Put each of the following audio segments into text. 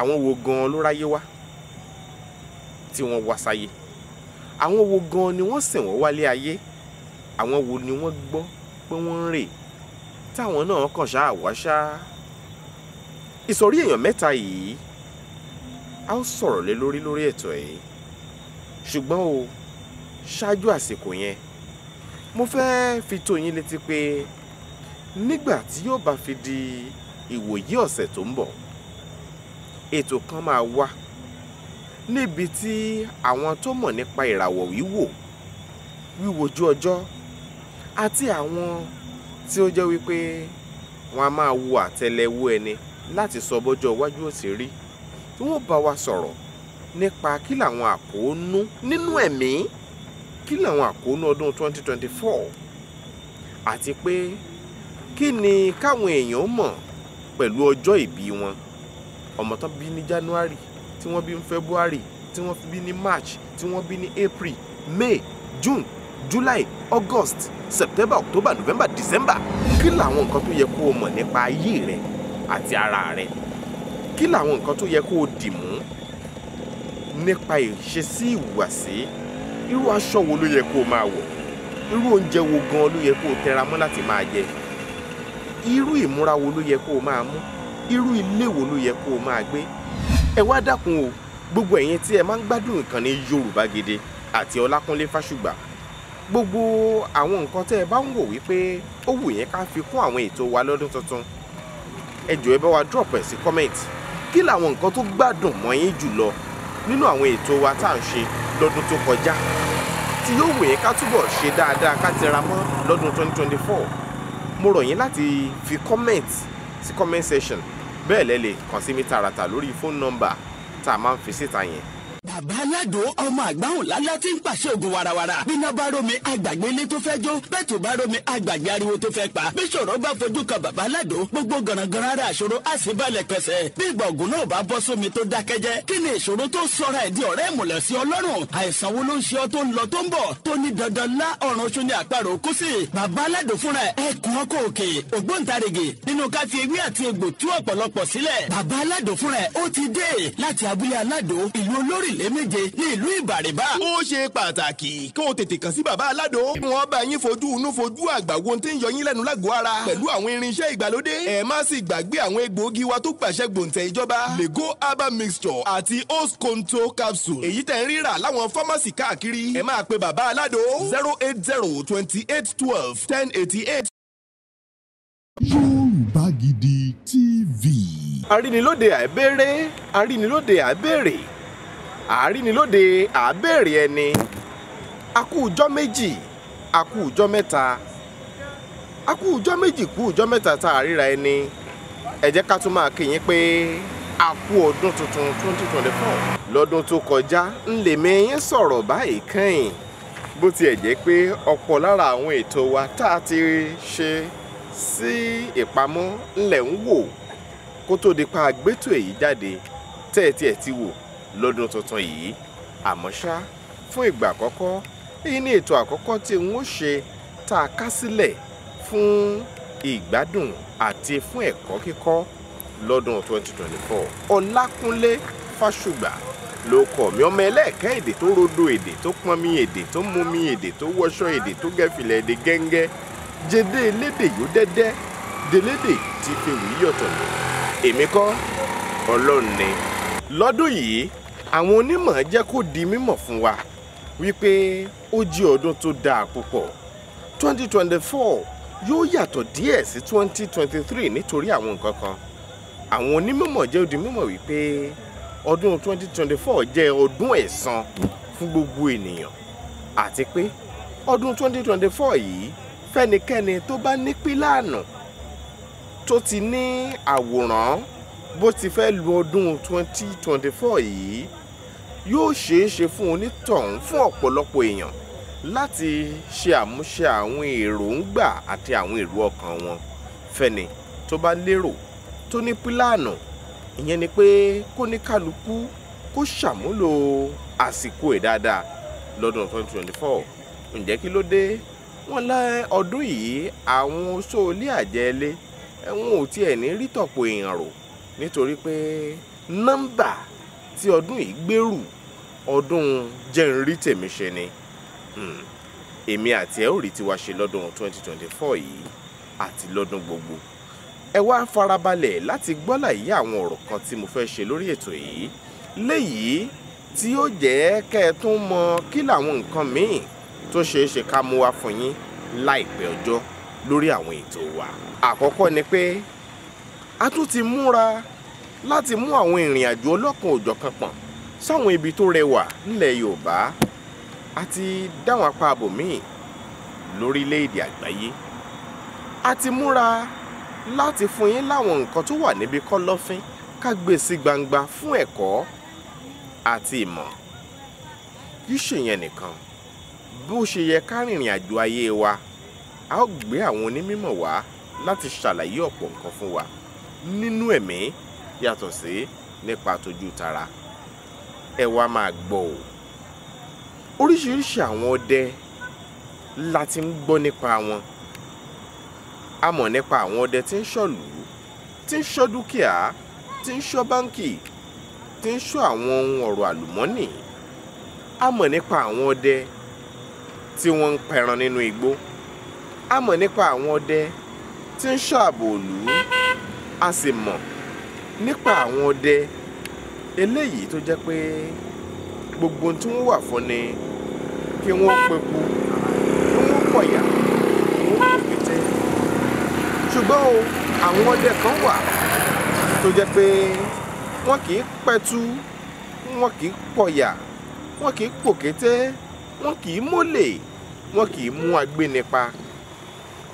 àwọn wo gan ló ráyé wá tí wọ́n wá sáyé àwọn wo gan ni wọ́n sìn wọ́n wálé ayé àwọn wo ni wọ́n gbọ́ pé wọ́n ń rè táwọn náà kàn ṣáà wá ṣá ìsọ̀rí èèyàn mẹ́ta yìí a ó sọ̀rọ̀ lé lórí lórí ètò yìí ṣùgbọ́n o ṣáájú àsìkò yẹn mo fẹ́ fi tó yín létí pé nígbà tí yóò bá fi di ìwòyí ọ̀sẹ̀ tó ń bọ̀ ètò kan máa wà níbi tí àwọn tó mọ̀ nípa ìràwọ̀ wíwò wíwojú ọjọ́ àti àwọn tí ó jẹ́ wípé wọ́n a máa wo àtẹ́lẹwọ́ ẹni láti sọ bọ́jọ́ iwájú ó ti rí tí wọ́n bá wa sọ̀rọ̀ nípa kí làwọn àkóónú nínú ẹ̀mí kí làwọn àkóónú ọdún 2024 àti pé kí ni káwọn èèyàn mọ̀ pẹ̀lú ọjọ́ ìbí wọn ọmọ tán bí ní January tí wọ́n bí ní February tí wọ́n bí ní March tí wọ́n bí ní April May June July August September October November December kí làwọn nǹkan tó yẹ kó o mọ̀ nípa ayé rẹ àti ara rẹ kí làwọn nǹkan tó yẹ kó o dì mú nípa ìṣesí ìhùwàsí irú aṣọ wo ló yẹ kó o máa wọ̀ irú oúnjẹ wo gan ló yẹ kó o tẹra mọ́ láti máa jẹ irú ìmúra wo ló yẹ kó o máa mú irú ilé wo ló yẹ kó o máa gbé ẹ wá dákun o gbogbo ẹ̀yin tí ẹ máa ń gbádùn nǹkan ní Yorùbá Gidi àti Ọlákúnlé Fásùgbà gbogbo àwọn nǹkan tẹ́ ẹ bá ń wò wípé ó wù yẹn ká fi kún àwọn ètò wa lọ́dún tuntun ẹ jọ̀ọ́ ẹ bá wa drop ẹ̀ sí comment kí làwọn nǹkan tó gbádùn mọ́ yín jùlọ nínú àwọn ètò wa tá à ń ṣe lọ́dún tó kọjá tí yóò wù yẹn ká túbọ̀ ṣe dáadáa ká tẹra mọ́ lọ́dún 2024 mo rọ̀ yín láti fi comment sí comment section bẹ́ẹ̀ lẹ lè kàn sí mi tààràtà lórí fóònù nọ́mbà tá a máa ń fi síta yẹn bàbá aládùn ọmọ àgbáhùn lálá tí ń pàṣẹ ògùn warawara bí iná bá rómi àgbàgbé ilé tó fẹ́ jó bẹ́ẹ̀ tó bá rómi àgbàgbé ariwo tó fẹ́ pa bí ṣòro bá fojú kan bàbá aládùn gbogbo gànàgànà ara àṣòro á sì balẹ̀ pẹ̀sẹ̀ bí ìgbà ògùn náà bá bọ́ sómi tó dákẹ́jẹ́ kí ni ìṣòro tó sọra ẹ̀dí ọ̀rẹ́ ìmùlẹ̀ sí ọlọ́run àìsàn wo ló ń ṣe ọ tó ń lọ tó ń bọ̀ tó ní dandan lá ọ̀run ṣu méje ní ìlú ìbàrìbà. ó ṣe pàtàkì kí o tètè kàn sí bàbá aládò. wọ́n bá yín fojú inú fojú àgbà wo tí ń yọ yín lẹ́nu lágọ̀ọ́ ara pẹ̀lú àwọn irinṣẹ́ ìgbàlódé. ẹ má sì gbàgbé àwọn egbòogi wa tó pàṣẹ gbòǹtẹ̀ ìjọba lego herbal mixture àti host control capsule. èyí tẹ̀ ń rírà láwọn fámásì káàkiri. ẹ máa pe bàbá aládò zero eight zero twenty eight twelve ten eighty eight. Yorùbá Gidi TV. arínilóde àìbéèrè arínilóde àìbéèrè àárínilóde àbẹ̀rẹ̀ ẹni akúùjọ́ méjì akúùjọ́ mẹ́ta akúùjọ́ méjì kúùjọ́ mẹ́ta tá a ríra ẹni ẹ jẹ́ ká tún máa kí pé a ọdún tuntun 2024 lọ́dún tó kọjá ń lè mẹ́yìn sọ̀rọ̀ báyìí kẹ́yìn bó tiẹ̀ jẹ́ pé ọ̀pọ̀ lára àwọn ètò wa tá a ti ṣe sí ìpamọ́ ńlẹ̀ ń wò kó tó di pa àgbétò èyí jáde tẹ́ẹ̀ tiẹ̀ ti wò lọ́dún tuntun yìí àmọ́ ṣá fún ìgbà àkọ́kọ́ èyí ni ètò àkọ́kọ́ tí n ó ṣe tá a ká sílẹ̀ fún ìgbádùn àti fún ẹ̀kọ́ kíkọ́ lọ́dún 2024 ọlákúnlé fásùgbà ló kọ mi ọmọ ẹlẹ́ẹ̀kẹ́ èdè tó rodo èdè tó pọnmi èdè tó mumi èdè tó wọṣọ èdè tó gẹ́fìlẹ̀ èdè gẹ́ngẹ́ jẹ́dẹ́ elédè yó dẹ́dẹ́ délédè ti fi wí yọ̀tọ̀ èmi kọ́ ọlọ́run ni lọ́dún yìí àwọn onímọ̀ jẹ́ kó di mímọ̀ fún wa wípé ó jẹ́ ọdún tó dáa púpọ̀ 2024 yóò yàtọ̀ díẹ̀ sí 2023 nítorí àwọn nǹkan kan àwọn onímọ̀ jẹ́ ó di mímọ̀ wípé ọdún 2024 jẹ́ ọdún ẹ̀san fún gbogbo ènìyàn àti pé ọdún 2024 yìí fẹ́nikẹ́ni tó bá ní pílánù tó ti ní àwòrán bó ti fẹ́ lu ọdún 2024 yìí yóò ṣeé ṣe fún onítọ̀hún fún ọ̀pọ̀lọpọ̀ èèyàn láti ṣe àmúṣe àwọn èròǹgbà àti àwọn èrò ọkàn wọn fẹ́ni tó bá lérò tó ní pílànù ìyẹn ni pé kó ní kálukú kó ṣàmúlò àsìkò ẹ̀ dáadáa lọ́dún 2024 ǹjẹ́ kí ló dé wọ́n lẹ́ ọdún yìí àwọn sóòlì àjẹlé ẹ̀wọ̀n ò tiẹ̀ ní rí èèyàn rò nítorí pé nọ́mbà tí ọdún yìí gbèrú ọdún jẹ́nrí tèmi ṣe ni hmm. èmi àti ẹ ò rí tiwa ṣe lọ́dún 2024 yìí àti lọ́dún gbogbo ẹ wá farabalẹ̀ láti gbọ́là yí àwọn ọ̀rọ̀ kan tí mo fẹ́ ṣe lórí ètò yìí léyìí tí ó jẹ́ kẹ́ ẹ tún mọ kí làwọn nǹkan míì tó ṣeé ṣe ká mú wá fún yín láìpẹ́ ọjọ́ lórí àwọn ètò wa àkọ́kọ́ ni pé a tún ti múra láti mú àwọn ìrìn àjò ọlọ́kan òjọ̀kan pọ̀n sáwọn ibi tó rẹwà nílẹ̀ Yorùbá àti dáwọn apá abòmíì lórílẹ̀‐èdè àgbáyé a ti múra láti fún yín láwọn nǹkan tó wà níbi kọ́lọ́fín ká gbé sí gbangba fún ẹ̀kọ́ àti ìmọ̀ kì í ṣèyẹn nìkan bó ṣe yẹ ká rìnrìn àjò ayé wa a ó gbé àwọn onímọ̀ wá láti ṣàlàyé ọ̀pọ̀ nǹkan fún wa nínú ẹ̀mí yàtọ̀ sí nípa tójú tara ẹ wá máa gbọ́ o oríṣiríṣi àwọn ọdẹ la ti ń gbọ́ nípa wọn a mọ̀ nípa àwọn ọdẹ tí ń ṣọ̀lú tí ń ṣọ́ dúkìá tí ń ṣọ́ báńkì tí ń ṣọ́ àwọn ohun ọ̀rọ̀ àlùmọ́nì a mọ̀ nípa àwọn ọdẹ tí wọ́n ń pẹran nínú igbó a mọ̀ nípa àwọn ọdẹ tí ń ṣọ́ ààbò òlú a sì mọ̀ nípa àwọn ọdẹ eléyìí tó jẹ́ pé gbogbo tí wọ́n wà fún ni kí wọ́n pepu kí wọ́n pọ̀yà kí wọ́n pète ṣùgbọ́n o àwọn ọdẹ kan wà tó jẹ́ pé wọ́n kì í pẹ̀tù wọ́n kì í pọ̀yà wọ́n kì í pòkété wọ́n kì í mólè wọ́n kì í mú agbénipa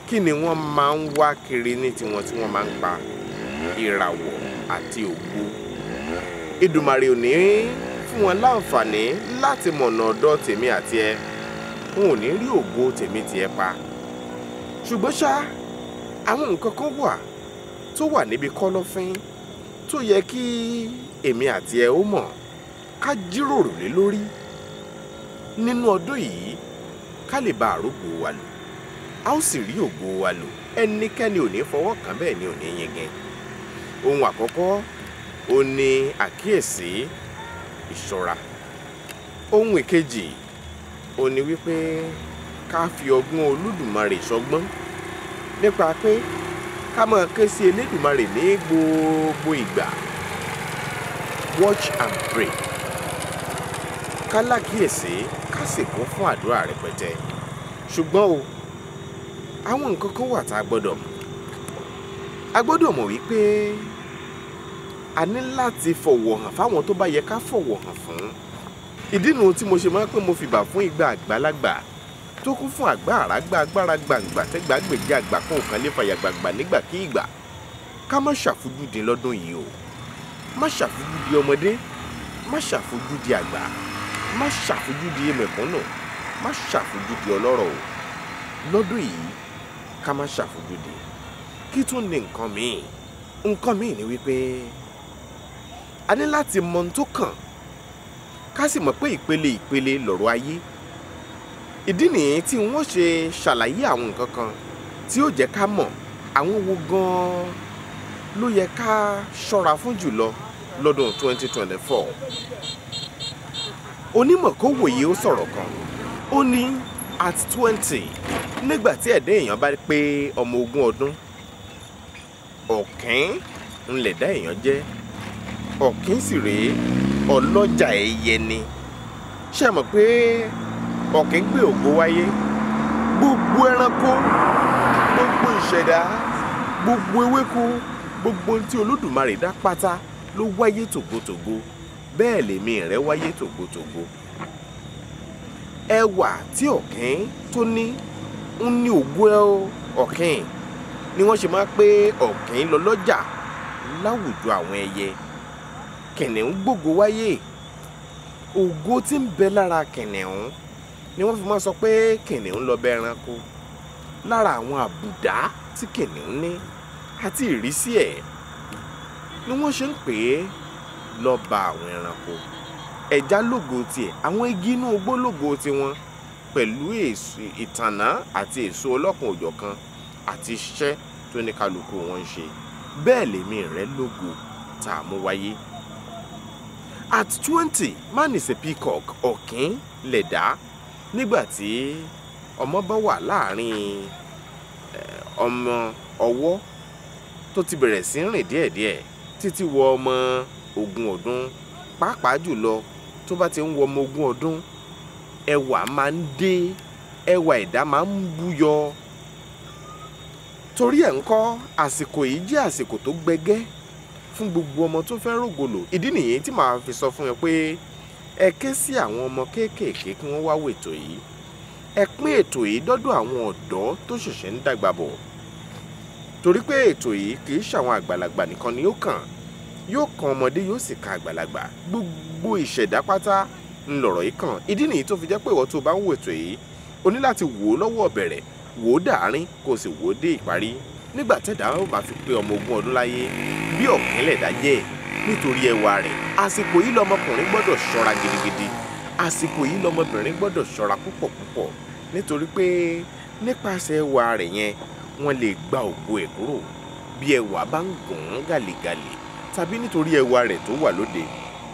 kí ni wọ́n máa ń wá kiri ní tiwọn tí wọ́n máa ń pa ìràwọ̀ àti ògo Èdùmàrè ò ní fún wọn láǹfààní láti mọ̀nà ọ̀dọ̀ tèmi àti ẹ n ò ní rí ògo tèmi tiẹ̀ pa ṣùgbọ́n ṣá àwọn nǹkan kan wà tó wà níbi kọ́lọ́fín tó yẹ kí èmi àti ẹ ó mọ̀ ká jíròrò lé lórí nínú ọdún yìí ká lè bá àrógbó wa lò a ó sì rí ògo wa lò ẹnikẹ́ni ò ní fọwọ́ kàn bẹ́ẹ̀ ni ò ní yingin ohun àkọ́kọ́ ó ní àkíyèsí ìṣọ́ra ohun ìkejì ó ní wípé ká fi ọgbọ́n olódùmarè ṣọgbọ́n nípa pé ká máa ké sí elédùmarè ní gbogbo ìgbà watch and pray ká lákíyèsí ká sì kún fún àdúrà rẹpẹtẹ ṣùgbọ́n o àwọn nǹkan kan wà tá a gbọ́dọ̀ mọ̀ a gbọ́dọ̀ mọ̀ wípé a ní láti fọ̀wọ̀ hàn fáwọn tó bá yẹ ká fọ̀wọ̀ hàn fún ìdí nu tí mo ṣe máa ń pè mo fìbà fún ìgbà àgbàlagbà tó kún fún àgbà àràgbà agbára gbàǹgbà tẹ́gbà gbèjì àgbà kan òkan lè fàyà gbàǹgbà nígbàkígbà ká má ṣàfojúdi lọ́dún yìí o má ṣàfojúdi ọmọdé má ṣàfojúdi àgbà má ṣàfojúdi mẹ̀kúnnù má ṣàfojúdi ọlọ́rọ̀ o lọ́dún yìí ká má ṣàfojúdi kí tún ní nǹkan míì nǹkan míì ni wípé a ní láti mọ ohun tó kàn ká sì mọ̀ pé ìpele ìpele lọ̀rọ̀ ayé ìdí nìyí tí wọ́n ṣe ṣàlàyé àwọn nǹkan kan tí ó jẹ́ ká mọ̀ àwọn wo gan-an ló yẹ ká ṣọ́ra fún jùlọ lọ́dún 2024 onímọ̀kówòye ó sọ̀rọ̀ kan ó ní at 20 nígbà tí ẹ̀dá èèyàn bá pé ọmọ ogún ọdún ọ̀kín ńlẹ̀dá èèyàn jẹ́ ọ̀kín sì rèé ọlọ́jà ẹyẹ ni ṣe mọ̀ pé ọ̀kín gbé ògo wáyé gbogbo ẹranko gbogbo ìṣẹ̀dá gbogbo ewéko gbogbo ohun tí olódùmarè dá pátá ló wáyé tògbòtògbò bẹ́ẹ̀ lèmi rẹ̀ wáyé tògbòtògbò ẹwà tí ọ̀kín tó ní ń ní ògo ọ̀kín ni wọ́n ṣe máa pé ọ̀kín lọ lọ́jà láwùjọ àwọn ẹyẹ. E kìnìún gbògo wáyé ògo tí ń bẹ lára kìnìún ni wọ́n fi máa sọ pé kìnìún lọ bẹ ẹranko lára àwọn àbùdá tí kìnìún ní àti ìrísí ẹ̀ ni wọ́n ṣe ń pè é lọ́ba àwọn ẹranko ẹja lógo tiẹ̀ àwọn igi inú igbó lógo tiwọn pẹ̀lú ìtànná àti èso ọlọ́kan òjọ̀kan àti iṣẹ́ tó ní kálukú wọn ṣe bẹ́ẹ̀ lèmi rẹ̀ lógo tá a mú wáyé at twenty man is a peacock ọ̀kín lẹ̀dá nígbà tí ọmọ bá wà láàrin eh, ọmọ ọwọ́ tó ti bẹ̀rẹ̀ sí rìn díẹ̀díẹ̀ títí wọ ọmọ ogún ọdún pàápàá jùlọ tó bá ti ń wọ ọmọ ogún ọdún ẹwà máa ń dé ẹwà ẹ̀dá máa ń búyọ torí ẹ̀ ń kọ́ àsìkò yìí jẹ́ àsìkò tó gbẹgẹ́ fún gbogbo ọmọ tó fẹ́ rògbòlò ìdí nìyẹn tí màá fi sọ fún yín pé ẹ ké sí àwọn ọmọ kéékèèké kí wọ́n wá wo ètò yìí ẹ pín ètò yìí dọ́dọ̀ àwọn ọ̀dọ́ tó ṣẹ̀ṣẹ̀ ń dàgbà bọ̀ torí pé ètò yìí kì í ṣàwọn àgbàlagbà nìkan ni ó kàn yóò kan ọmọdé yóò sì kan àgbàlagbà gbogbo ìṣẹ̀dá pátá ńlọ̀rọ̀ yìí kàn ìdí nìyí tó fi jẹ́ pé ìwọ tó bá ń wo ètò yìí o ní láti wò ó lọ́wọ́ ọ̀bẹ̀rẹ̀ wò ó dàárín kó o sì wò ó dé ìparí nígbà tẹ̀dá ó bá fi pé ọmọ ogún ọdún láyé bí ọ̀kẹ́lẹ̀dá jẹ́ nítorí ẹwà rẹ̀ àsìkò yìí lọmọkùnrin gbọ́dọ̀ ṣọ́ra gidigidi àsìkò yìí lọmọbìnrin gbọ́dọ̀ ṣọ́ra púpọ̀ púpọ̀ nítorí pé nípasẹ̀ ẹwà rẹ̀ yẹn wọ́n lè gba ògo ẹ̀ kúrò bí ẹwà bá ń gùn ún gàlègàlè tàbí nítorí ẹwà rẹ̀ tó wà lóde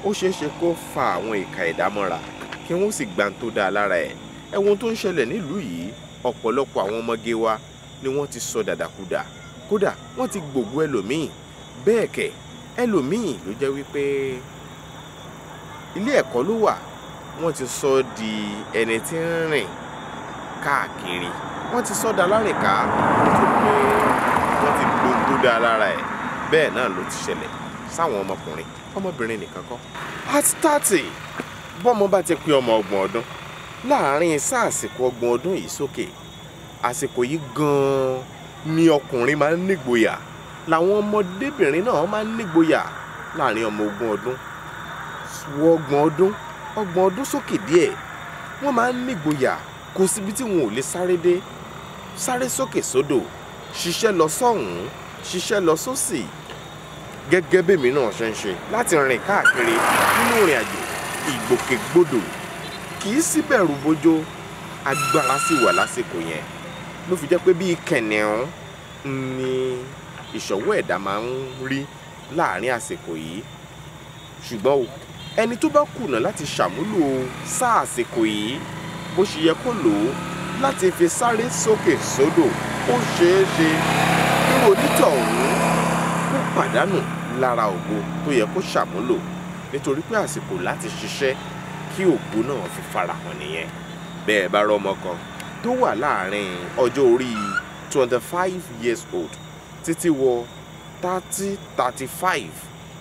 ó ṣeéṣe kó fa àwọn ìka ẹ̀dá mọ́ra kí wọ́n sì gbà tó dáa lára ẹ̀ ẹ̀wọ̀n tó ń ṣẹlẹ̀ nílùú yìí ọ̀pọ̀lọpọ̀ àwọn ọmọge wa ni wọ́n ti sọ dàdàkudà kódà wọ́n ti gbògbó ẹlòmíì bẹ́ẹ̀ kẹ̀ ẹlòmíì ló jẹ́ wípé ilé ẹ̀kọ́ ló wà wọ́n ti sọ di ẹni tí ń rìn káàkiri wọ́n ti sọ da lárìnká tó pé wọ́n ti gbogbo da lára ẹ̀ bẹ́ẹ̀ náà ló ti ṣẹlẹ̀ sáwọn ọmọkùnrin ọmọbìnrin nìkan kọ́ at thirty bọ́mọ bá ti pé ọmọ ọgbọ̀n ọdún láàárín sáàsìkò ọgbọ̀n ọdún yìí sókè àsìkò yìí gan-an ni ọkùnrin máa ń nígboyà làwọn ọmọdébìnrin náà máa ń nígboyà láàrin ọmọ ogún ọdún ọgbọ̀n ọdún ọgbọ̀n ọdún sókè díẹ̀ wọ́n máa ń nígboyà kò síbi tí wọn ò lè sáré dé sáré sókè sódò ṣiṣẹ́ lọ sọ́hùn-ún ṣiṣẹ́ lọ sósì gẹ́gẹ́ bèmi náà ṣe ń ṣe láti rìn káàkiri nínú ìrìn àjò ìgbòkègbodò kì í síbẹ̀rù bójó agbára sì wà lásìkò yẹn ló fi jẹ́ pé bíi kẹ̀nẹ̀ún ni ìṣọ̀wọ́ ẹ̀dá máa ń rí láàrin àsìkò yìí ṣùgbọ́n o ẹni tó bá kùnà láti ṣàmúlò sáà àsìkò yìí bó ṣe yẹ kó lò ó láti fi sáré sókè sódò ó ṣeé ṣe irú onítọ̀hún kó pàdánù lára ògo tó yẹ kó ṣàmúlò nítorí pé àsìkò láti ṣiṣẹ́ kí ògo náà fi farahàn nìyẹn bẹ́ẹ̀ bá rọ́mọ kan tó wà láàárín ọjọ́ orí twenty five years old títí wọ thirty thirty five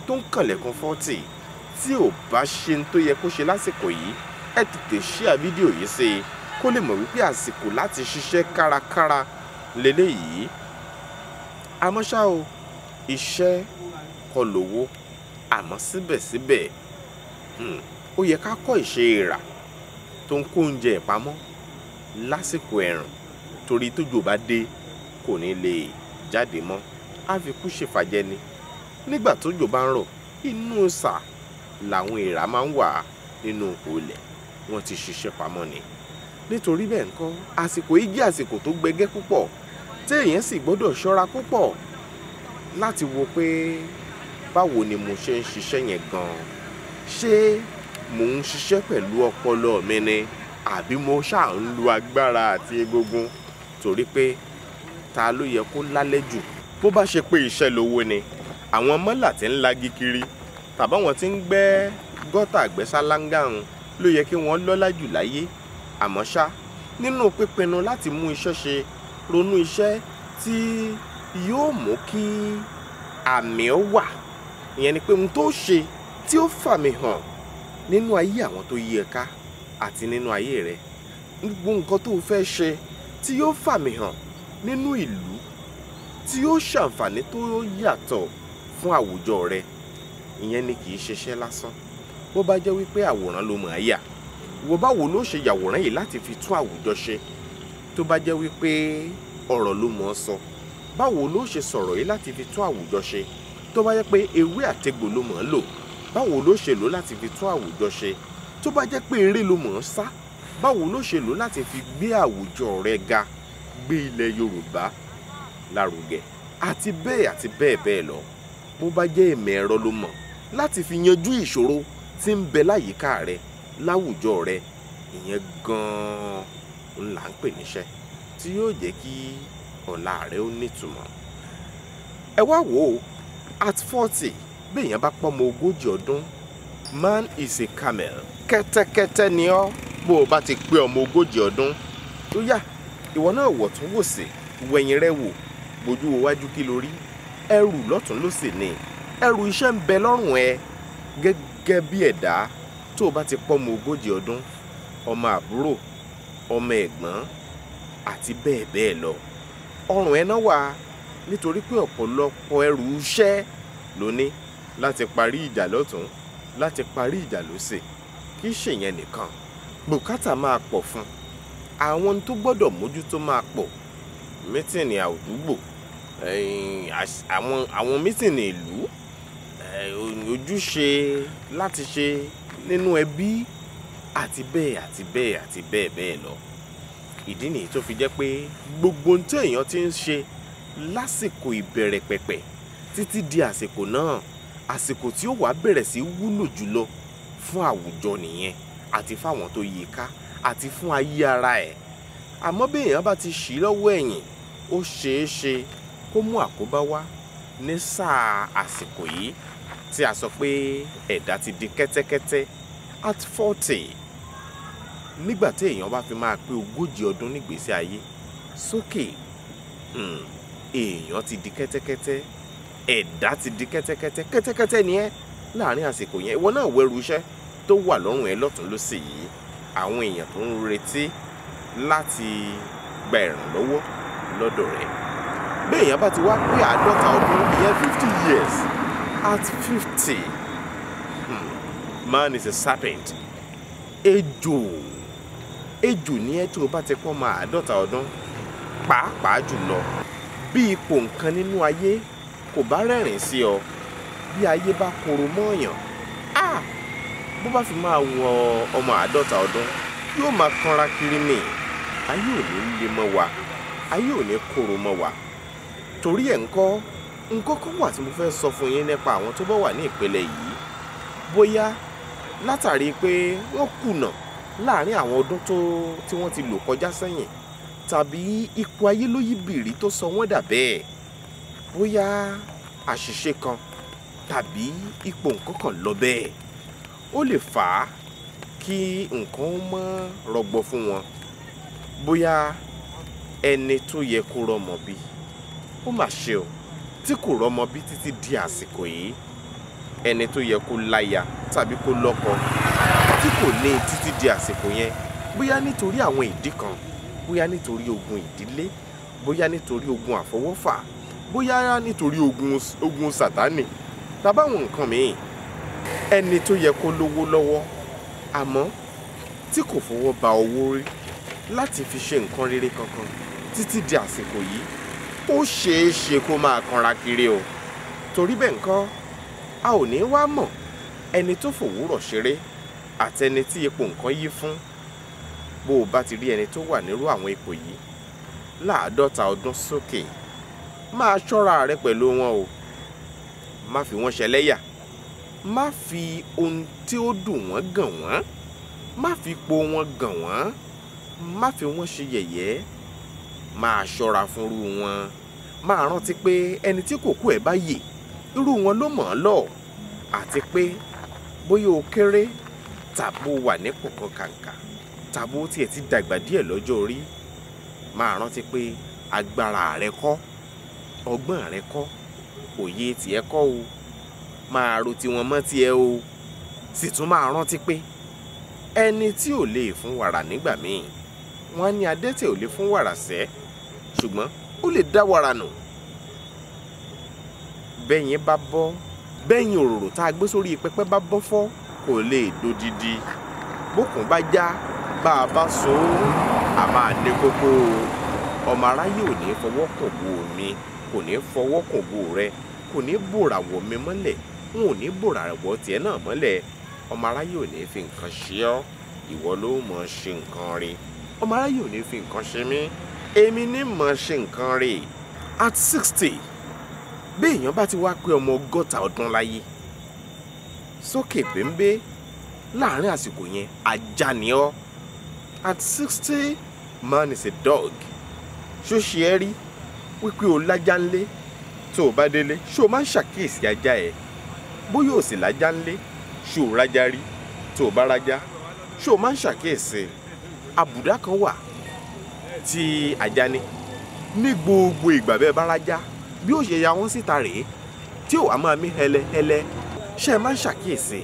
tó ń kànlẹ̀kùn forty tí ò bá ṣe tó yẹ kó ṣe lásìkò yìí ẹ tètè ṣíà fídíò yìí ṣe kó lè mọ̀ wípé àsìkò láti ṣiṣẹ́ kárakára lélẹ́yìí àmọ́ ṣá o iṣẹ́ kọ́ lówó àmọ́ síbẹ̀síbẹ̀ hmm, ó yẹ ká kọ́ ìṣe ìrà tó ń kó oúnjẹ ìpamọ́ lásìkò ẹ̀rùn torí tójò bá dé kò ní lè jáde mọ́ àfikún ṣèfàjẹ́ ni nígbà tójò bá ń rọ̀ inú sà làwọn èèrà máa ń wà nínú olẹ̀ wọ́n ti ṣiṣẹ́ pamọ́ ni nítorí bẹ́ẹ̀ ńkọ́ àsìkò yìí jẹ́ àsìkò tó gbẹgẹ́ púpọ̀ téèyàn sì gbọ́dọ̀ ṣọ́ra púpọ̀ láti wo pé báwo ni mo ṣe ń ṣiṣẹ́ yẹn gan-an ṣé mò ń ṣiṣẹ́ pẹ̀lú ọpọlọ mi ni àbí mo ṣáà ń lo agbára àti egungun torí pé ta ló yẹ kó lálẹ́ jù bó bá ṣe pé iṣẹ́ lówó ni àwọn mọ́là tí ń lagi kiri tàbáwọn tí ń gbẹ́ gọ́tà àgbẹ́sálángàrun ló yẹ kí wọ́n lọ́lá jù láyé àmọ́ ṣá nínú pípinnu láti mú iṣẹ́ ṣe ronú iṣẹ́ tí yóò mú kí àmì ó wà ìyẹn ni pé ohun tó ṣe tí ó fàmì hàn nínú ayé àwọn tó yí ká àti nínú ayé rẹ gbogbo nǹkan tó o fẹ́ ṣe tí yóò fàmì hàn nínú ìlú tí yóò ṣàǹfààní tó yàtọ̀ fún àwùjọ rẹ ìyẹn ni kì í ṣiṣẹ́ lásán bó bá jẹ́ wípé àwòrán ló mọ̀ ẹ́ yà wò báwo ló ṣe yàwòrán yìí láti fi tún àwùjọ ṣe tó bá jẹ́ wípé ọ̀rọ̀ ló mọ̀ ọ́ sọ báwo ló ṣe sọ̀rọ̀ yìí láti fi tún àwùjọ ṣe tó bá jẹ́ pé ewé àtegbò ló mọ̀ ọ́ lò báwo ló ṣe lò láti fi tún àwùjọ ṣe tó bá jẹ́ pé eré ló mọ̀ ọ́n sá báwo ló ṣe lò láti fi gbé àwùjọ rẹ ga gbé ilẹ̀ Yorùbá lárugẹ àti bẹ́ẹ̀ àti bẹ́ẹ̀ bẹ́ẹ̀ lọ bó bá jẹ́ ìmọ̀ ẹ̀rọ ló mọ̀ láti fi yanjú ìṣòro tí ń bẹ láyìíká rẹ láwùjọ rẹ ìyẹn gan-an ńlá ń pè níṣẹ́ tí yóò jẹ́ kí ọ̀la rẹ ó nítumọ̀ ẹ wá wò ó at forty bí èèyàn bá pọ́ ọmọ ogójì ọdún man is a camel kẹ́tẹ́kẹ́tẹ́ ni ọ́ bó o bá ti pé ọmọ ogójì ọdún tó yá ìwọ náà wọ̀ tún wò sí wẹ̀yìn rẹ wò bójú wo wájú kí lo rí ẹrù lọ́tún ló sì ní ẹrù iṣẹ́ ń bẹ lọ́rùn ẹ gẹ́gẹ́ bí ẹ̀dá tó o bá ti pọ́ ọmọ ogójì ọdún ọmọ àbúrò ọmọ ẹ̀gbọ́n àti bẹ́ẹ̀ bẹ́ẹ̀ lọ ọrùn ẹ náà wà nítorí pé ọ̀pọ̀lọpọ̀ ẹrù iṣẹ́ ló láti parí ìjà lọ́tún láti parí ìjà lóṣè kì í ṣèyẹn nìkan bùkátà máa pọ̀ fún àwọn tó gbọ́dọ̀ mójútó máa pọ̀ mítìnì àdúgbò àwọn mítìnì ìlú ojúṣe láti ṣe nínú ẹbí àti bẹ́ẹ̀ àti bẹ́ẹ̀ àti bẹ́ẹ̀ bẹ́ẹ̀ lọ ìdí nìyí tó fi jẹ́ pé gbogbo ohun tí èèyàn ti ń ṣe lásìkò ìbẹ̀rẹ̀ pẹ̀pẹ̀ títí di àsìkò náà àsìkò tí ó wà bẹ̀rẹ̀ sí wúlò jùlọ fún àwùjọ nìyẹn àti fáwọn tó yí ká àti fún ayé ara ẹ̀ àmọ́ bí èèyàn bá ti ṣì lọ́wọ́ ẹ̀yìn ó ṣeé ṣe kó mú àkóbá wá ní sáà àsìkò yìí tí a sọ pé ẹ̀dá ti di kẹ́tẹ́kẹ́tẹ́ at forty nígbà tí èèyàn bá fi máa pé ogójì ọdún nígbésí ayé sókè hmm, èèyàn ti di kẹ́tẹ́kẹ́tẹ́ ẹ̀dá ti di kẹ́tẹ́kẹ́tẹ́ kẹ́tẹ́kẹ́tẹ́ ni ẹ́ láàrin àsìkò yẹn ìwọ náà wẹrù iṣẹ́ tó wà lọ́rùn ẹ lọ́tún lọ́sì yìí àwọn èèyàn tó ń retí láti gba ìrànlọ́wọ́ lọ́dọ̀ rẹ̀ bí èèyàn bá ti wá pé àádọ́ta ọdún ìyẹn fifty years at fifty hmm. man is a serpent ejò ejò ní ẹ tó o bá ti pọ́ ọmọ àádọ́ta ọdún pàápàá jùlọ bí ipò nǹkan nínú ayé kò bá rẹ̀rìn sí ọ bí ayé bá koro mọ́ọ̀yàn á bó bá fi máa wọ ọmọ àádọ́ta ọdún yóò máa kanra kiri ni ayé ò ní lè mọ́ wa ayé ò ní koro mọ́ wa torí ẹ̀ ń kọ́ nǹkan kan wà tí mo fẹ́ sọ fún yín nípa àwọn tó bá wà ní ìpele yìí bóyá látàrí pé wọ́n kùnà láàrin àwọn ọdún tí wọ́n ti lò kọjá sẹ́yìn tàbí ipò ayé ló yí bìrì tó sọ wọ́n dà bẹ́ẹ̀ bóyá àṣìṣe kan tàbí ipò nǹkan kan lọ bẹ́ẹ̀ ó lè fà á kí nǹkan ó mọ́ rọgbọ fún wọn bóyá ẹni tó yẹ kó rọmọ bí ó mà ṣe o tí kò rọmọ bí títí di àsìkò yìí ẹni tó yẹ kó láya tàbí kó lọ́kọ tí kò ní títí di àsìkò yẹn bóyá nítorí àwọn ìdí kan bóyá nítorí ogun ìdílé bóyá nítorí ogun àfọwọ́fà bóyá nítorí ogun sátánì tàbáwọn nǹkan míì ẹni tó yẹ kó lówó lọ́wọ́ àmọ́ tí kò fọwọ́ ba owó rí láti fi ṣe nǹkan rere kankan títí di àsìkò yìí ó ṣeé ṣe kó máa kanra kiri o torí bẹ́ẹ̀ nǹkan a ò ní wá mọ̀ ẹni tó fòwúrọ̀ ṣeré àtẹni tí ipò nǹkan yí fún bó o bá ti rí ẹni tó wà nírú àwọn ipò yìí láàádọ́ta ọdún sókè. So máa ṣọ́ra rẹ pẹ̀lú wọn o má fi wọ́n ṣẹlẹ́yà má fi ohun tí ó dùn wọ́n gàn wọ́n má fi po wọn gàn wọ́n má fi wọ́n ṣe yẹ̀yẹ́ máa ṣọ́ra fúnrú wọn máa rántí pé ẹni tí kòkó ẹ̀ bá yè irú wọn ló mọ̀ ọ́ lọ àti pé bóyá o kéré tàbó wà nípò kan kàǹkà tàbó tiẹ̀ ti dàgbà díẹ̀ lọ́jọ́ orí máa rántí pé agbára rẹ kọ́ ọgbọ́n rẹ kọ́ òye tiẹ̀ kọ́ o máa ro tiwọn mọ́ tiẹ̀ o sì tún máa rántí pé ẹni tí ò lè fún wàrà nígbà míì wọ́n á ní adẹ́tẹ̀ ò lè fún wàrà sẹ́ ṣùgbọ́n ó lè dá wàrà nù bẹ́yìn bá bọ́ bẹ́yìn òróró tá a gbé sórí pẹpẹ bá bọ́ fọ́ kò lè dodidi bókun bá já bá a bá so ó a máa ní kókó ọmọ aráyé ò ní fọwọ́ kàn bu omi kò ní fọwọ́ kòǹgò rẹ kò ní bòràwọ̀ mi mọ́lẹ̀ n ò ní bòràwọ̀ tiẹ̀ náà mọ́lẹ̀ ọmọ aráyé ò ní fi nǹkan ṣe ọ́ ìwọ ló mọ̀ ṣe nǹkan rí ọmọ aráyé ò ní fi nǹkan ṣe mí èmi ní mọ̀ ṣe nǹkan rí at sixty bí èèyàn bá ti wá pé ọmọ ọgọ́ta ọdún láyé sókè péńbé láàrin àsìkò yẹn ajá ni ọ́ at sixty man is a dog ṣó ṣe é rí wípé o lájà ńlé tó o bá délé ṣó o máa ń ṣàkíyèsí ajá ẹ bóyá o sì lájà ńlé ṣó o rájá rí tó o bá rájá ṣó o máa ń ṣàkíyèsí àbùdá kan wà tí ajá ní ní gbogbo ìgbà bẹ́ẹ̀ bá rájá bí ó ṣe ya wọ́n síta rèé tí ò wá máa mí hẹlẹhẹlẹ ṣé ẹ máa ń ṣàkíyèsí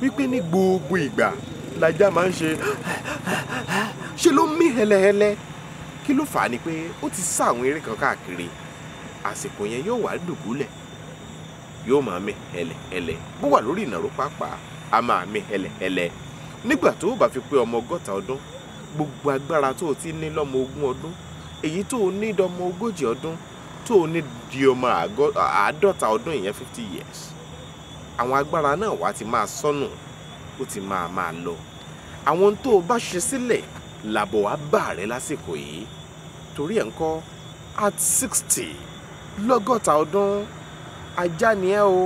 wípé ní gbogbo ìgbà lajá máa ń ṣe ṣe ló mí hẹlẹhẹlẹ kí ló fà á ni pé ó ti sá àwọn eré kan káàkiri àsìkò yẹn yóò wá dùbúlẹ̀ yóò máa mẹ ẹlẹẹlẹ bó wà lórí ìnàró pàápàá a máa mẹ ẹlẹẹlẹ nígbà tó o bá fi pé ọmọ ọgọ́ta ọdún gbogbo agbára tó o ti ní lọ́mọ ogún ọdún èyí tó o ní dọ́mọ ogójì ọdún tó o ní di ọmọ àádọ́ta ọdún ìyẹn fifty years àwọn agbára náà wá ti máa sọnù ó ti máa máa lọ àwọn tó o bá ṣe sílẹ̀ làbọ̀ wá bá rẹ lásìkò yìí torí ẹ̀ ń kọ́ at sixty lọ́gọ́ta ọdún ajá ni ẹ́ o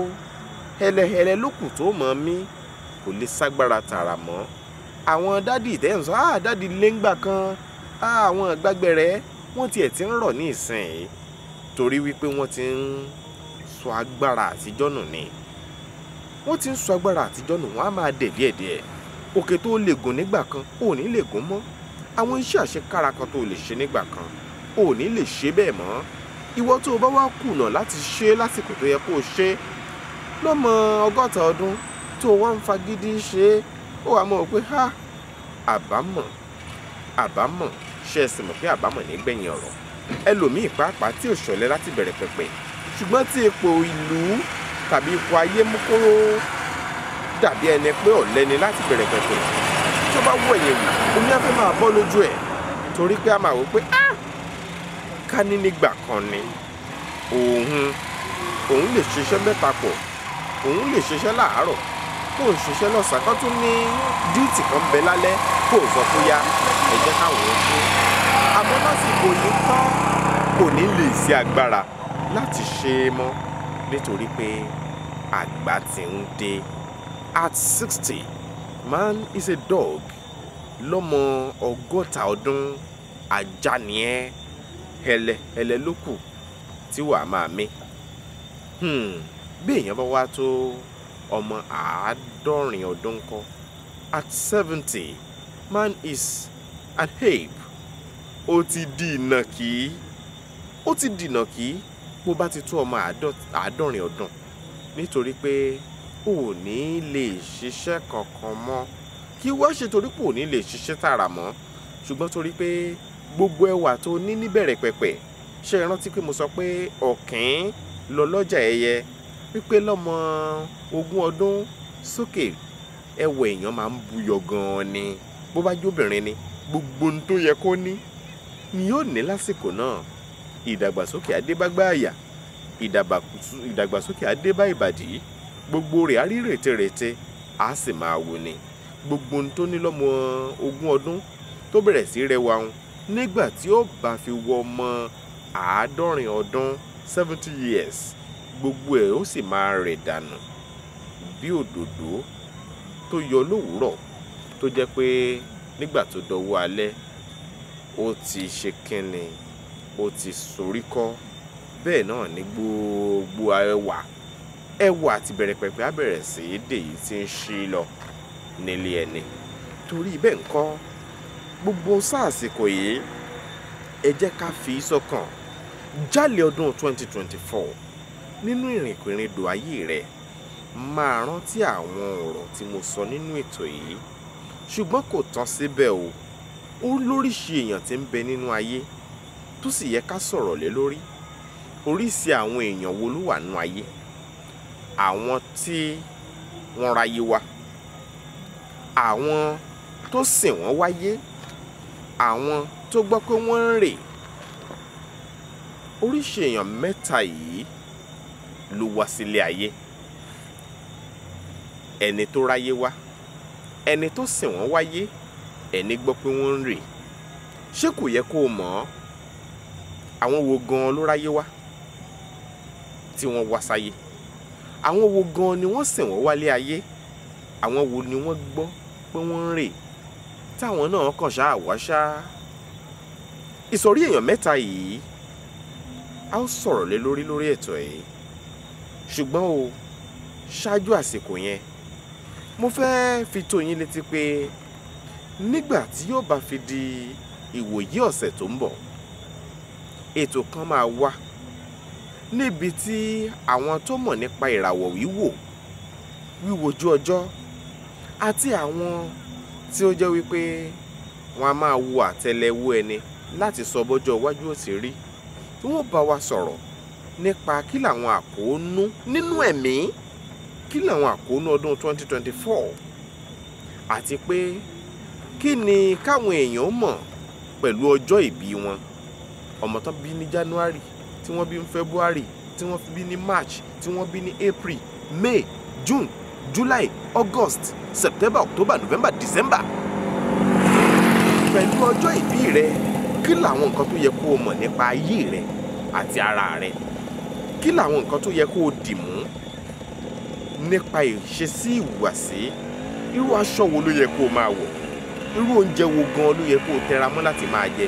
hẹlẹhẹlẹ lókùn tó mọ̀ mí kò lè ságbára tààrà mọ́ àwọn dádì ìtẹ́yìnsọ́ ah dádì léńgbà kan á ah, àwọn àgbàgbẹ̀rẹ́ wọ́n tiẹ̀ ti ń rọ̀ ní ìsìn yìí torí wípé wọ́n ti ń sọ agbára àtijọ́ nù ni wọ́n ti ń sọ agbára àtijọ́ nù wọ́n á máa dẹ̀ díẹ̀díẹ̀ òkè tó lè gùn nígbà kan ò lè gùn mọ́ àwọn iṣẹ́ àṣekára kan tó lè ṣe nígbà kan ò ní lè ṣe bẹ́ẹ̀ mọ́ ìwọ tó o bá wá kùnà láti ṣe lásìkò tó yẹ kó o ṣe lọ́mọ ọgọ́ta ọdún tó o wá ń fagídí ṣe é ó wàá mọ̀ pé ha àbámọ̀ àbámọ̀ ṣe é sì mọ̀ pé àbámọ̀ nígbẹ̀yìn ọ̀rọ̀ ẹlòmíì pàápàá tí ò ṣọ̀lẹ láti bẹ̀rẹ̀ pẹ̀pẹ̀ ṣùgbọ́n tí ipò ìlú tàbí ipò ayé mú kóró dàbí ẹni pé ọ̀lẹ ni láti bẹ̀rẹ̀ pẹ̀pẹ̀ tó bá wọ ẹ̀yìn wò omi á fẹ́ máa bọ́ lójú ẹ̀ torí pé a máa wò pé á ah! ká ní nígbà kan ni òun òun lè ṣiṣẹ́ mẹ́ta pọ̀ òun lè ṣiṣẹ́ láàárọ̀ kó o ṣiṣẹ́ lọ́sàn-án kan tún ní díùtì kan bẹ lálẹ́ kó o sọ fún ya káwọn ó ṣe àmọ́ lásìkò yìí tán kò ní lè ṣe agbára láti ṣe é mọ́ nítorí pé àgbà ti ń dé at sixty man is a dog lọ́mọ ọgọ́ta ọdún ajá ni ẹ́ hẹlẹ hẹlẹ ló kù tí wàá máa mí hmm, bí èèyàn bá wá tó ọmọ àádọ́rin ọdún kọ́ at seventy man is an ape ó ti di ìnàkí ó ti di ìnàkí bó bá ti tó ọmọ àádọ́rin ọdún nítorí pé ò ní lè ṣiṣẹ́ kankan mọ́ kí wọ́n ṣe torí pé ò ní lè ṣiṣẹ́ tààrà mọ́ ṣùgbọ́n torí pé gbogbo ẹwà tó ní níbẹ̀rẹ̀ pẹ̀pẹ̀ ṣe é rántí pé mo sọ pé ọ̀kín lọ lọ́jà ẹyẹ wípé lọ́mọ ogún ọdún sókè ẹwà èèyàn máa ń buyọ̀ gan-an ni bó bá jóbìnrin ni gbogbo ohun tó yẹ kó ní ni yóò ní lásìkò náà ìdàgbàsókè adébágbá àyà ìdàgbàsókè adébá ìbàdí gbogbo rẹ̀ á rí rètérètè á sì máa wù ni gbogbo ohun tó ní lọ́mọ ogún ọdún tó bẹ̀rẹ̀ sí rẹwà òun nígbà tí ó bá fi wọ ọmọ àádọ́rin ọdún seventy years gbogbo ẹ̀ ó sì máa rẹ̀ dànù bí òdòdó tó yọ lówùúrọ̀ tó jẹ́ pé nígbà tó dọwọ́ alẹ́ ó ti ṣe kínni ó ti soríkọ́ bẹ́ẹ̀ náà ní gbogbo ẹwà ẹwà àti bẹ̀rẹ̀ pẹ̀pẹ̀ á bẹ̀rẹ̀ sí dèyí tí ń ṣí lọ nílé ẹni torí bẹ́ẹ̀ ń kọ́ gbogbo sàásìkò yìí ẹ jẹ́ ká fi sọ́kàn jálẹ̀ ọdún 2024 nínú ìrìnkìrìndò ayé rẹ máa rántí àwọn ọ̀rọ̀ tí mo sọ nínú ètò yìí ṣùgbọ́n kò tán síbẹ̀ o ó lóríṣìí èèyàn tí ń bẹ nínú ayé tó sì yẹ ká sọ̀rọ̀ lé lórí oríṣi àwọn èèyàn wo ló wà nínú ayé àwọn tí wọ́n ráyé wa àwọn tó sìn wọ́n wáyé àwọn tó gbọ́ pé wọ́n ń rè oríṣi èèyàn mẹ́ta yìí ló wá sílé ayé ẹni tó ráyé wá ẹni tó sìn wọ́n wáyé ẹni gbọ́ pé wọ́n ń rè ṣé kò yẹ kó o mọ̀ ọ́ àwọn wo gan-an ló ráyé wá tí wọ́n wá sáyé àwọn wo gan-an ni wọ́n sìn wọ́n wálé ayé àwọn wo ni wọ́n gbọ́ pé wọ́n ń rè táwọn náà kàn ṣáà wá ṣá èèyàn mẹ́ta yìí a ó sọ̀rọ̀ lé lórí lórí ètò yìí ṣùgbọ́n o ṣáájú àsìkò yẹn mo fẹ́ fi tó yín létí pé nígbà tí yóò bá fi di ìwòyí ọ̀sẹ̀ tó ń bọ̀ ètò kan máa wá níbi tí àwọn tó mọ̀ nípa ìràwọ̀ wíwò wíwojú ọjọ́ àti àwọn tí ó jẹ́ wípé wọn a máa wo àtẹ́lẹwọ́ ẹni láti sọ bọ́jọ́ iwájú ó ti rí tí wọ́n bá wa sọ̀rọ̀ nípa kí làwọn àkóónú nínú ẹ̀mí kí làwọn àkóónú ọdún 2024 àti pé kí ni káwọn èèyàn mọ̀ pẹ̀lú ọjọ́ ìbí wọn ọmọ tán bí ní January tí wọ́n bí ní February tí wọ́n bí ní March tí wọ́n bí ní April May June july august september october november december pẹ̀lú ọjọ́ ìbí rẹ kí làwọn nǹkan tó yẹ kó o mọ̀ nípa ayé rẹ àti ara rẹ kí làwọn nǹkan tó yẹ kó o dì mú nípa ìṣesí ìhùwàsí irú aṣọ wo ló yẹ kó o máa wọ̀ irú oúnjẹ wo gan ló yẹ kó o tẹra mọ́ láti máa jẹ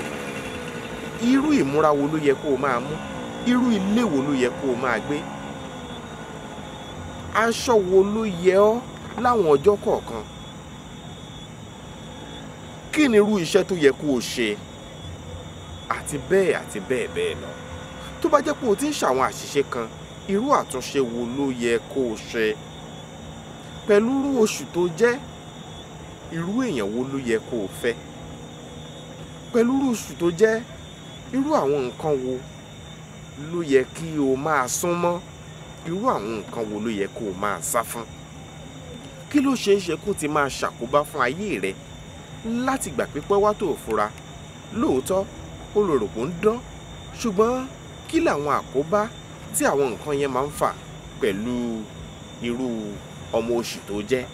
irú ìmúra wo ló yẹ kó o máa mú irú ilé wo ló yẹ kó o máa gbé aṣọ wo ló yẹ ọ́ láwọn ọjọ́ kọ̀ọ̀kan kí ni irú iṣẹ́ tó yẹ kó o ṣe àti bẹ́ẹ̀ àti bẹ́ẹ̀ bẹ́ẹ̀ lọ tó bá jẹ́ pé o ti ń ṣàwọn àṣìṣe kan irú àtúnṣe wo ló yẹ kó o ṣe pẹ̀lú irú oṣù tó jẹ́ irú èèyàn wo ló yẹ kó o fẹ́ pẹ̀lú irú oṣù tó jẹ́ irú àwọn nǹkan wo ló yẹ kí o máa sún mọ́ irú àwọn nǹkan wo ló yẹ kó o máa sá fún kí ló ṣe é ṣe kó ti máa ṣàkóbá fún ayé rẹ látìgbà pípẹ́ wá tó fura lóòótọ́ ó lè rò pé ń dán ṣùgbọ́n kí làwọn àkóbá tí àwọn nǹkan yẹn máa ń fà pẹ̀lú irú ọmọ oṣù tó jẹ́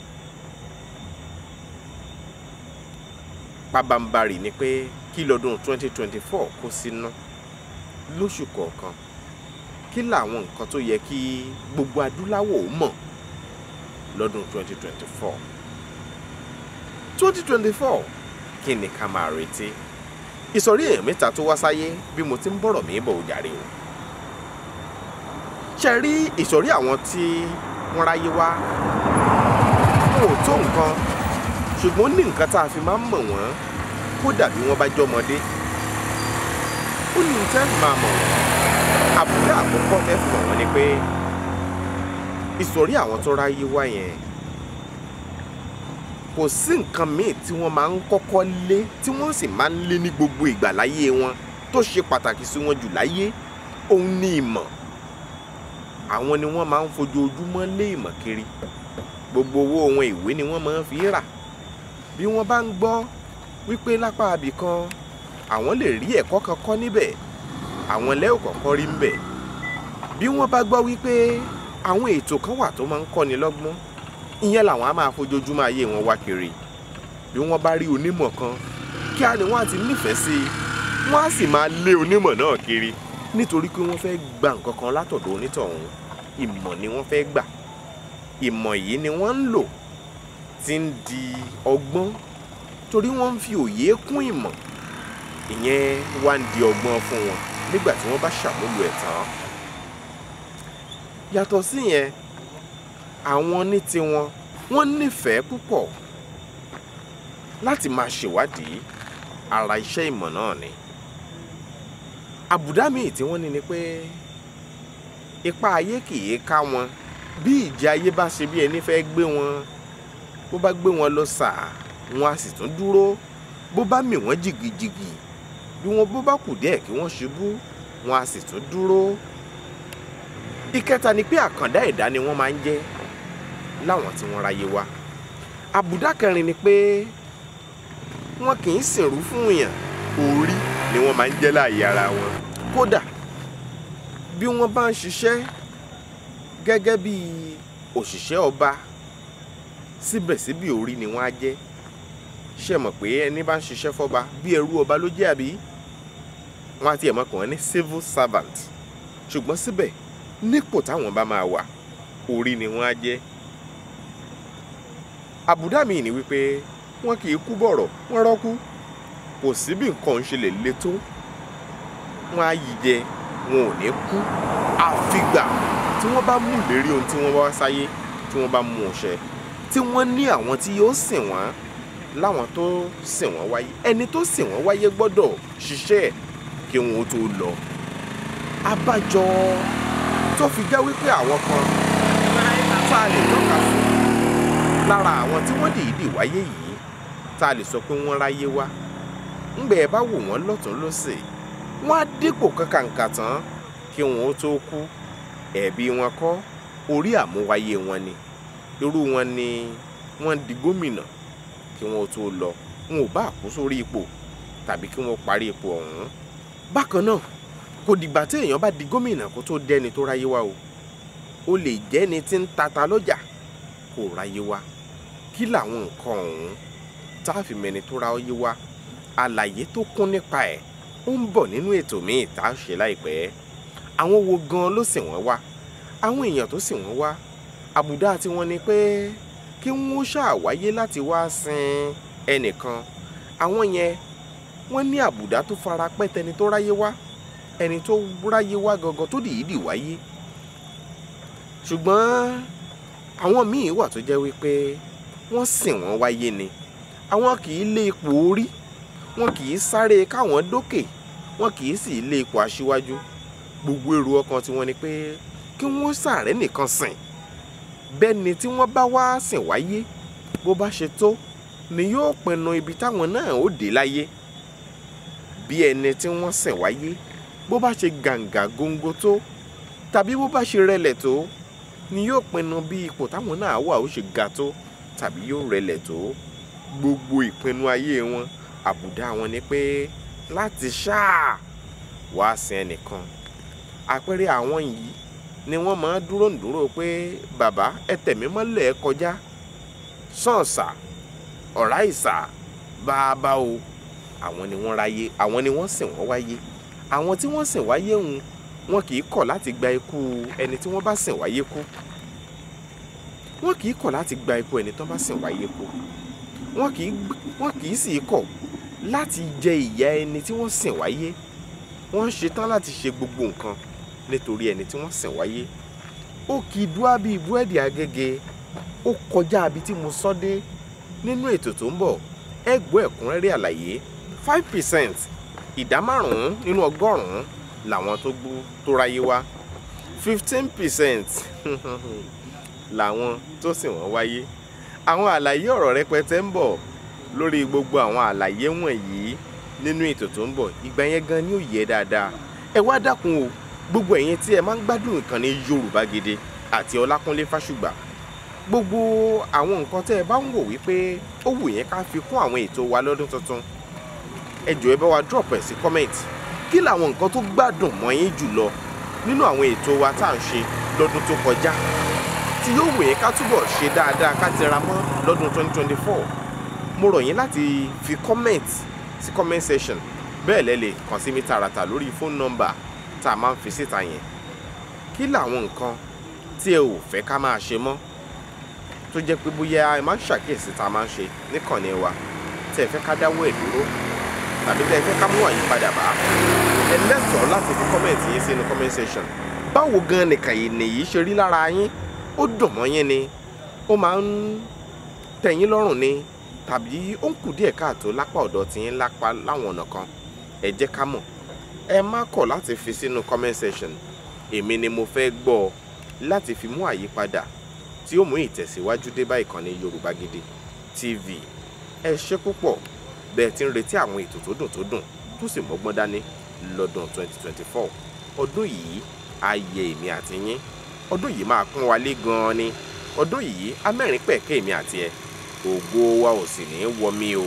pabambarì ni pé kí lọ́dún 2024 kó sínú lóṣù kọ̀ọ̀kan kí làwọn nǹkan tó yẹ kí gbogbo adúláwọ̀ mọ̀ lọ́dún 2024 2024 kí ni ká máa retí ìsọ̀rí èèyàn mẹ́ta tó wá sáyé bí mo ti ń bọ̀rọ̀ mi bọ̀ òjàre o ṣe rí ìsọ̀rí àwọn tí wọ́n ráyé wá wọn ò tó nǹkan ṣùgbọ́n ní nǹkan tá a fi máa ń mọ̀ wọ́n kódà bí wọ́n bá jọmọdé ó ní nǹkan máa wọ́n àbúrò àkọ́kọ́ tẹ́fọ̀n wọn ni pé ìsọ̀rí àwọn tó ráyé wá yẹn kò sí nǹkan míì tí wọ́n máa ń kọ́kọ́ lé tí wọ́n sì máa ń lé ní gbogbo ìgbà láyé wọn tó ṣe pàtàkì sí wọn jù láyé òun ni ìmọ̀ àwọn ni wọ́n máa ń fojoojúmọ́ lé ìmọ̀ kiri gbogbo owó wọn ìwé ni wọ́n máa ń fi rà bí wọ́n bá ń gbọ́ wípé lápá abìkan àwọn lè rí ẹ̀kọ́ kan kọ́ níbẹ̀ àwọn lẹ́ ò kọ́kọ́ rí ń bẹ̀ bí wọ́n bá gbọ́ wípé àwọn ètò kan wà tó máa ń kọ́ni lọ́gbọ́n ìyẹn làwọn á máa fojoojúmọ́ ayé wọn wá kiri bí wọ́n bá rí onímọ̀ kan kíá ni wọ́n á ti nífẹ̀ẹ́ sí i wọ́n á sì máa lé onímọ̀ náà kiri nítorí pé wọ́n fẹ́ gba nǹkan kan látọ̀dọ̀ onítọ̀hún ìmọ̀ ni wọ́n fẹ́ gbà ìmọ̀ yìí ni wọ́n ń lò tí ń di ọgbọ́n torí wọ́n ń fi òye kún ìmọ̀ ìyẹn wá ń di ọgbọ́n fún wọn nígbà tí wọ́n bá ṣàmúlò ẹ̀ tán. yàtọ̀ síyẹn àwọn ní tiwọn wọ́n nífẹ̀ẹ́ púpọ̀ láti máa ṣèwádìí ara iṣẹ́ ìmọ̀ náà ni. àbùdá míì tí wọ́n ní ni pé ipá ayé kì í ká wọn bí ìjì ayé bá ṣe bí ẹni fẹ́ gbé wọn bó bá gbé wọn lọ sà wọn a sì tún dúró bó bá mì wọ́n jìgìjìgì bí wọ́n bó bá kù díẹ̀ kí wọ́n ṣubú wọn a sì tún dúró. ìkẹta ni pé àkàndá ẹ̀dá ni wọ́n máa ń jẹ́ láwọn tí wọ́n ráyé wa. àbùdá kẹrin ni pé wọn kì í sìnrú fún èèyàn orí ni wọ́n máa ń jẹ́ láàyè ara wọn. kódà bí wọ́n bá ń ṣiṣẹ́ gẹ́gẹ́ bí òṣìṣẹ́ ọba síbẹ̀síbẹ̀ orí ni wọ́n á jẹ́ ṣe mọ̀ pé ẹni bá ń ṣiṣẹ́ fọba bí ẹrú ọba ló jẹ́ àbí wọ́n á ti ẹ̀mọ́ ní civil servant ṣùgbọ́n síbẹ̀ nípò táwọn bá máa wà orí ni wọ́n á jẹ́ àbùdá mi ni wípé wọn kì í kú bọ̀rọ̀ wọ́n rọ́kú kò sí bí nǹkan ń ṣe lè le tó wọn á yí jẹ wọn ò ní kú àfìgbà tí wọ́n bá mú ìlérí ohun tí wọ́n wá sáyé tí wọ́n bá mú un tí wọ́n ní àwọn tí yóò sìn wọ́n láwọn tó sìn wọ́n wáyé ẹni tó sìn wọ́n wáyé gbọ́dọ̀ ṣiṣẹ́ kí wọn ó tó lọ abájọ tó fi jẹ́ wípé àwọn kan tá a lè tọ́ka fún lára àwọn tí wọ́n dìídì wáyé yìí tá a lè sọ pé wọ́n ráyé wá ńgbẹ́ ẹ bá wò wọ́n lọ́tún lọ́sẹ̀ wọ́n á dépò kankanka tán kí wọn ó tó kú ẹ̀bi wọn kọ́ orí àmúwáyé wọn ni irú wọn ni wọ́n di gómìnà kí wọn ó tó lọ wọn ò bá kú sórí ipò tàbí kí wọ́n parí ipò ọ̀hún bákan náà kò dìgbà tí èèyàn bá di gómìnà kó tó dẹni tó ráyé wa o ó lè jẹ́ni tí ń tata lọ́jà kó ráyé wa kí làwọn nǹkan ọ̀hún tá a fi mẹ́ni tó ráyé wa àlàyé tó kún nípa ẹ̀ ó ń bọ̀ nínú ètò míì tá a ṣe láìpẹ́ àwọn wo gan ló sì wọ́n wá àwọn èèyàn tó sì wọ́n wá àbùdá tiwọn ni pé kí wọ́n ṣàwáyé láti wá sin ẹnìkan àwọn yẹn wọ́n ní àbùdá tó fara pẹ́ tẹni tó ráyé wá ẹni tó ráyé wá gangan tó dìídì wáyé ṣùgbọ́n àwọn míì wà tó jẹ́ wípé wọ́n sìn wọ́n wáyé ni àwọn kì í lé ipò orí wọn kì í sáré káwọn dókè wọn kì í sì lé ipò aṣíwájú gbogbo èrò ọkàn tiwọn ni pé kí wọ́n sàárẹ̀ nìkan sìn bẹ́ni tí wọ́n bá wá sìn wáyé bó bá ṣe tó ni yóò pinnu ibi táwọn náà ó dé láyé bí ẹni tí wọ́n ṣẹ̀ wáyé bó bá ṣe gàǹgà góńgó tó tàbí bó bá ṣe rẹlẹ̀ tó ni yóò pinnu bí ipò táwọn náà wà ó ṣe ga tó tàbí yóò rẹlẹ̀ tó gbogbo ìpinnu ayé wọn àbùdá wọn ni pé láti ṣáà wá sin ẹnìkan àpẹẹrẹ àwọn yìí ni wọ́n máa dúró ń dúró pé bàbá ẹ tẹ̀mí mọ́lẹ̀ ẹ kọjá sànsà ọ̀rá ìsà bàbá o àwọn ni wọ́n ráyé àwọn ni wọ́n sìn wọ́n wáyé àwọn tí wọ́n sìn wáyé ń wọn kì í kọ̀ láti gba ikú ẹni tí wọ́n bá sìn wáyé kú wọn kì í kọ̀ láti gba ikú ẹni tó bá sìn wáyé kú wọn kì í wọn kì í sì kọ̀ láti jẹ ìyà ẹni tí wọ́n sìn wáyé wọ́n ń ṣetán láti ṣe gbogbo nǹkan nítorí ẹni tí wọ́n sìn wáyé ó kì í dúá bíi búrẹ́dì agége ó kọjá ibi tí mo sọ dé nínú ètò tó ń bọ̀ ẹ gbọ́ ẹ̀kúnrẹ́rẹ́ àlàyé five percent ìdá márùn-ún nínú ọgọ́rùn-ún làwọn tó gbó tó ráyé wá fifteen percent làwọn tó sì wọ́n wáyé àwọn àlàyé ọ̀rọ̀ rẹpẹtẹ ń bọ̀ lórí gbogbo àwọn àlàyé wọ̀nyí nínú ètò tó ń bọ̀ ìgbà yẹn gan ni ó yẹ dáadáa ẹ wá dákun o gbogbo ẹ̀yin tí ẹ máa ń gbádùn ìkànnì Yorùbá Gidi àti Ọlákúnlé Fásùgbà gbogbo àwọn nǹkan tẹ́ ẹ bá ń wò wípé ó wù yẹn ká fi kún àwọn ètò wa lọ́dún tuntun ẹ jọ̀ọ́ ẹ bá wa drop ẹ̀ sí comment kí làwọn nǹkan tó gbádùn mọ́ yín jùlọ nínú àwọn ètò wa tá à ń ṣe lọ́dún tó kọjá tí yóò wù yín ká túbọ̀ ṣe dáadáa ká tẹra mọ́ lọ́dún 2024 mo rọ̀ yín láti fi comment sí comment section bẹ́ẹ̀ lẹ́ lè kàn sí mi tààràtà lórí fóònù nọ́mbà tá a máa ń fi síta yẹn kí làwọn nǹkan tí ẹ ò fẹ́ ká máa ṣe mọ́ tó jẹ́ pé bóyá ẹ máa ń ṣàkíyèsí tá a máa ń ṣe níkànnì wa tẹ́ fẹ́ ká dáwọ́ ẹ̀ dúró tàbí tẹ́ ẹ fẹ́ ká mú àyípadà bá ẹ lẹ́sọ̀ọ́ láti fi kọ́mẹ̀ntì yín sínú comment section báwo gan nìkan yìí nìyí ṣe rí lára yín ó dùn mọ́ yín ni ó máa ń tẹ̀yìn lọ́rùn ni tàbí ó ń kù díẹ̀ káàtó lápá ọ̀dọ̀ tiyín lápá láwọn ọ̀nà kan ẹ jẹ́ ká mọ̀ ẹ má kọ̀ láti fi sínú comment section èmi ni mo fẹ́ gbọ́ láti fi mú àyípadà tí ó mú ìtẹ̀síwájú dé bá ìkànnì Yorùbá Gidi TV ẹ ṣé púpọ̀ bẹ́ẹ̀ ti ń retí àwọn ètò tó dùn tó dùn tó sì mọ́gbọ́n dání lọ́dún 2024 ọdún yìí ayé èmi àti yín ọdún yìí máa kún wa lé gan-an ni ọdún yìí amẹ́rin pẹ̀kẹ́ èmi àti ẹ ògo wa ò sì ní í wọmi o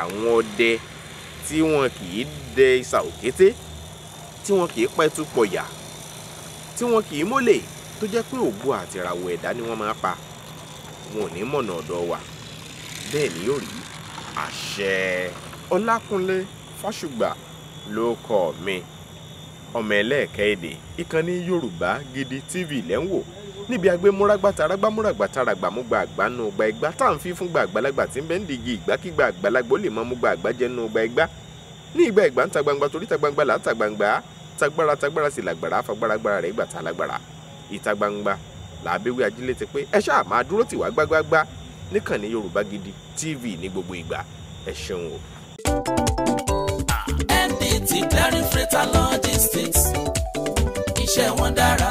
àwọn ọdẹ tí wọn kì í dẹ ìsà òkété tí wọn kì í pẹ́tù pọ̀yà tí wọn kì í mólè tó jẹ́ pé ògo àti ìràwọ̀ ẹ̀dá ni wọ́n máa pa wọn ò ní mọ̀nà ọ̀dọ̀ wa bẹ́ẹ̀ ni yóò rí àṣẹ ọlákúnlé fásùgbà ló kọ mi ọmọ ẹlẹ́ẹ̀kẹ́ ìkànnì yorùbá gidi tv lẹ́ńwò níbi agbémúrágbàtà arágbámúrágbàtà àràgbàmúgbà àgbánú ọgbà ẹgbà tá à ń fi fún gba àgbàlagbà tí ń bẹ́ ń digi ìgbàkígbà àgbàlagbà ó lè mọ́ mú gba àgbájẹ́nu ọgbà ẹgbà ní ìgbà ìgbà ń ta gbangba torí ta gbangba là ń ta gbangba tagbára tagbára sí làgbàrá fagbáragbára rẹ̀ ìgbà tá lágbára ìta gbangba làbẹ́wé ajílẹ̀ ti pé ẹ ṣáà máa dúró tì wá gbágbágbá níkànnì Yorùbá Gidi TV ní gbogbo ìgbà ẹ ṣeun o. Ah, md ti clearing freighter logistics iṣẹ́ wọn dára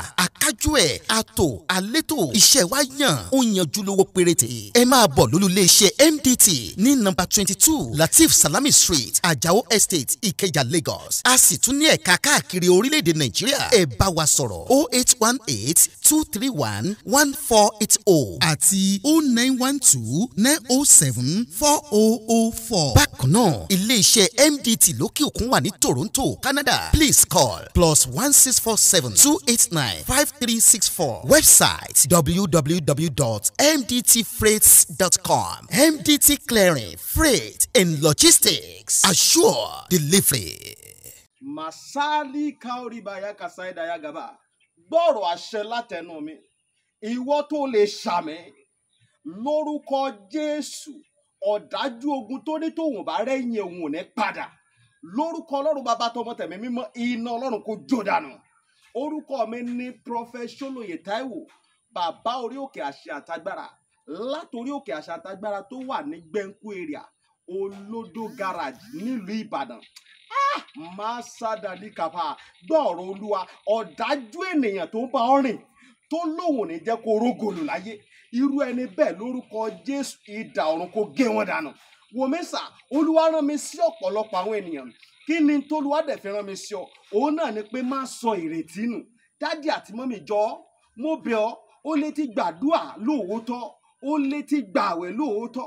akájú ẹ̀ ato alétò iṣẹ́ wa yàn ó yanjú lówó péréte ẹ máa bọ̀ lólulẹ̀ iṣẹ́ MDT ní nọ́mbà twenty two Latif Salami Street Ajao Estate Ikeja Lagos a sì tún ní ẹ̀ka káàkiri orílẹ̀-èdè Nàìjíríà ẹ bá wa sọ̀rọ̀ o oh eight one eight two three one one four eight oh àti O oh nine one two nine O oh seven four O oh O four. bákan náà iléeṣẹ́ MDT lókè òkun wà ní Toronto Canada please call plus one six four seven two eight nine five three six four website www.mdtfreights.com MDT Clearing Freight and Logistics assure delivery. Masali Kauriba ya Kasaida ya Gaba gbọ́rọ̀ àṣẹ látẹnu mi ìwọ tó lè ṣàmì lórúkọ Jésù ọ̀dájú ogun tó ní tòun bá rẹ́yìn òun ò ní padà lórúkọ ọlọ́run bàbá tọmọ tẹ̀mí mímọ́ iná ọlọ́run kò jó dànù orúkọ mi ní prọfẹsọlóye Táíwò bàbá orí òkè àṣẹ àtagbára látòrí òkè àṣẹ àtagbára tó wà ní gbẹ̀ǹkú area olódó garage nílùú Ìbàdàn masadali kàfà gbọ́ọ̀rọ̀ olúwa ọ̀dájú ènìyàn tó ń bá ọ rìn tó lóun ò ní jẹ́ kó rógòlù láyé irú ẹni bẹ́ẹ̀ lórúkọ jésù idà ọ̀run kó gé wọn dànù wòmísà olúwa rán mi sí ọ̀pọ̀lọpọ̀ àwọn ènìyàn kí ni tolúwa dẹ̀ fi rán mi sí ọ òun náà ni pé má sọ ìrètí nù dádì àti mọ́mì jọ ọ́ mo bẹ̀ ọ́ ó lè ti gbàdúà lóòótọ́ ó lè ti gbààwẹ̀ lóòótọ́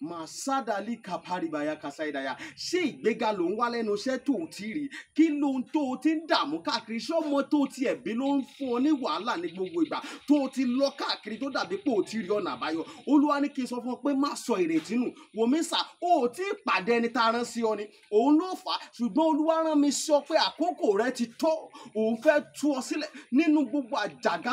màsádàlì kàpárìbàyà kàsáìdàyà ṣé ìgbéga ló ń wá lẹ́nu iṣẹ́ tó ti rí kí ló ń tó ti ń dààmú káàkiri ṣé ọmọ tó ti ẹ̀bí ló ń fún ọ ní wàhálà ní gbogbo ìgbà tó ti lọ káàkiri tó dàbí pé ò ti rí ọ̀nà àbáyọ olúwa ní kí n sọ fún ọ pé má sọ ìrètí nù wòmísà ó ti pàdé ẹni tá a rán sí ọ ni òun ló fà á ṣùgbọ́n olúwa rán mi sọ pé àkókò rẹ ti tó òun fẹ́ tú ọ sílẹ̀ nínú gbogbo àjàgà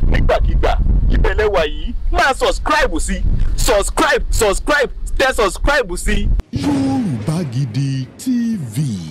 nígbàkigbà ibẹ̀ lẹ́wà yìí máa subscribe sí subscribe subscribe tẹ subscribe sí. Yorùbá Gidi TV.